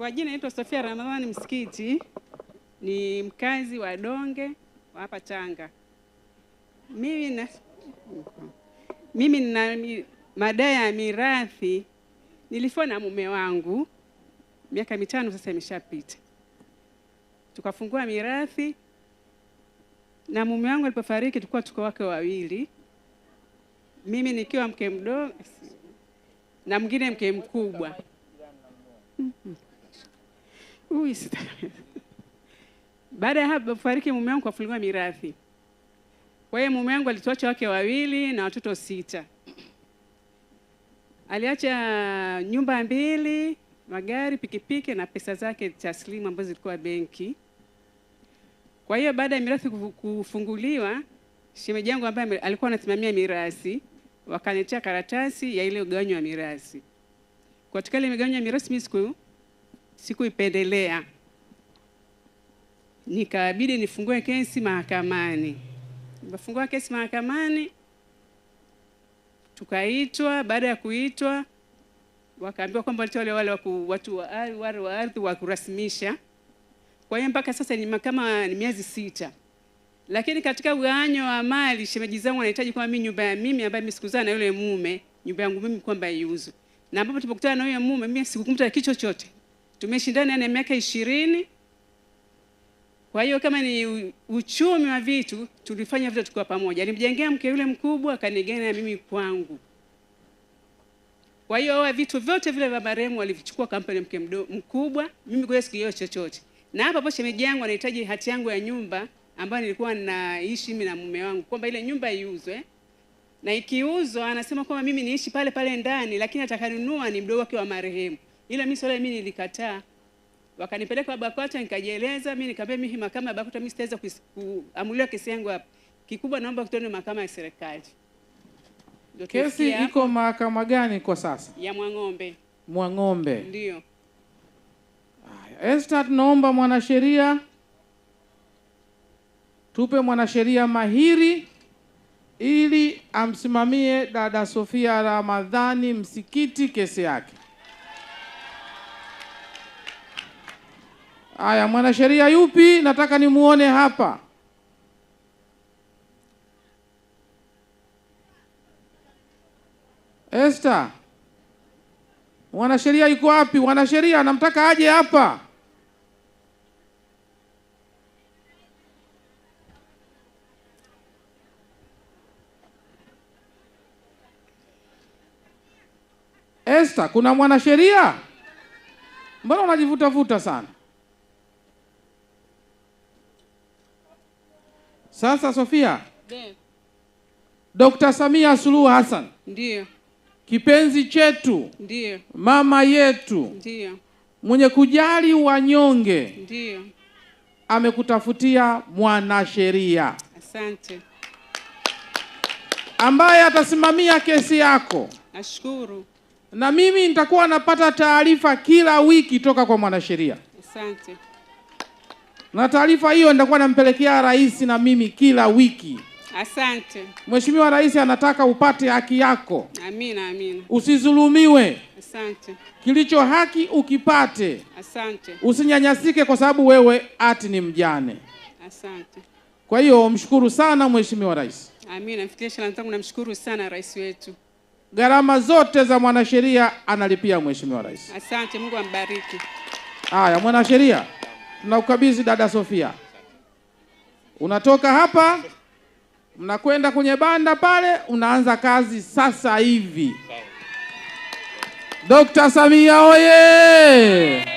Kwa jina naitwa Sofia Ramadhani Msikiti, ni mkazi wa Donge wa hapa Tanga. Mimi na mimi nina madai ya mirathi. Nilifua na mume wangu miaka mitano sasa imeshapita, tukafungua mirathi na mume wangu alipofariki tulikuwa tuko wake wawili, mimi nikiwa mke mdogo na mwingine mke mkubwa baada ya hapo alipofariki mume wangu akafuliwa mirathi. Kwa hiyo mume wangu alituacha wake wawili na watoto sita. Aliacha nyumba mbili, magari, pikipiki na pesa zake taslimu ambazo zilikuwa benki. Kwa hiyo baada ya mirathi kufunguliwa, shemeji yangu ambaye alikuwa anasimamia mirathi wakaniletea karatasi ya ile ugawanyo wa mirathi. Katika ile migawanyo ya mirathi mimi siku sikuipendelea, nikabidi nifungue kesi mahakamani. Nikafungua kesi mahakamani, tukaitwa. Baada ya kuitwa, wakaambiwa kwamba walitoa wale wale watu wa ardhi wa kurasimisha. Kwa hiyo mpaka sasa ni kama ni miezi sita, lakini katika ugawanyo wa mali shemeji zangu anahitaji kwamba mimi nyumba ya mimi ambayo mimi sikuzaa na yule mume, nyumba yangu mimi kwamba iuzwe, na ambapo tulipokutana na yule mume mimi sikukumta kitu chochote tumeshindana na miaka ishirini. Kwa hiyo kama ni uchumi wa vitu, tulifanya vitu tukiwa pamoja. Alimjengea mke yule mkubwa, akanigana na mimi kwangu. Kwa hiyo vitu vyote vile vya marehemu walivichukua kampani mke mkubwa, mimi kwa sikio chochote. Na hapa hapo shemeji yangu anahitaji hati yangu ya nyumba ambayo nilikuwa naishi mimi na mume wangu kwamba ile nyumba iuzwe. Na ikiuzwa anasema kwamba mimi niishi pale pale ndani, lakini atakanunua ni mdogo wake wa marehemu ila mimi swala mimi nilikataa, wakanipeleka BAKWATA nikajieleza. Mimi nikamwambia mimi mahakama ya BAKWATA mimi sitaweza kuamuliwa kesi yangu hapa, kikubwa naomba kutone mahakama ya serikali. Kesi iko mahakama gani kwa sasa? Ya Mwang'ombe. Mwang'ombe ndio. Esta, tunaomba mwanasheria, tupe mwanasheria mahiri ili amsimamie dada Sofia Ramadhani Msikiti kesi yake. Aya, mwanasheria yupi nataka nimuone hapa? Esta, mwanasheria yuko wapi? Mwanasheria namtaka aje hapa. Esta, kuna mwanasheria? Mbona vuta sana? Sasa Sofia, dokta Samia Suluhu Hassan ndiyo kipenzi chetu, ndiyo mama yetu, ndiyo mwenye kujali wanyonge, ndiyo amekutafutia mwanasheria asante, ambaye atasimamia kesi yako. Nashukuru na mimi nitakuwa napata taarifa kila wiki toka kwa mwanasheria asante na taarifa hiyo nitakuwa nampelekea rais na mimi kila wiki. Asante. Mheshimiwa Rais anataka upate haki yako. Amina, amina. Usizulumiwe. Asante. Kilicho haki ukipate. Asante. Usinyanyasike kwa sababu wewe ati ni mjane. Asante. Kwa hiyo mshukuru sana Mheshimiwa Rais. Amina. Mfikie shukrani zangu, namshukuru sana rais wetu. Gharama zote za mwanasheria analipia Mheshimiwa Rais. Asante, Mungu ambariki. Haya, mwanasheria ukabizi dada Sofia. Unatoka hapa mnakwenda kwenye banda pale, unaanza kazi sasa hivi. Dr. Samia oye!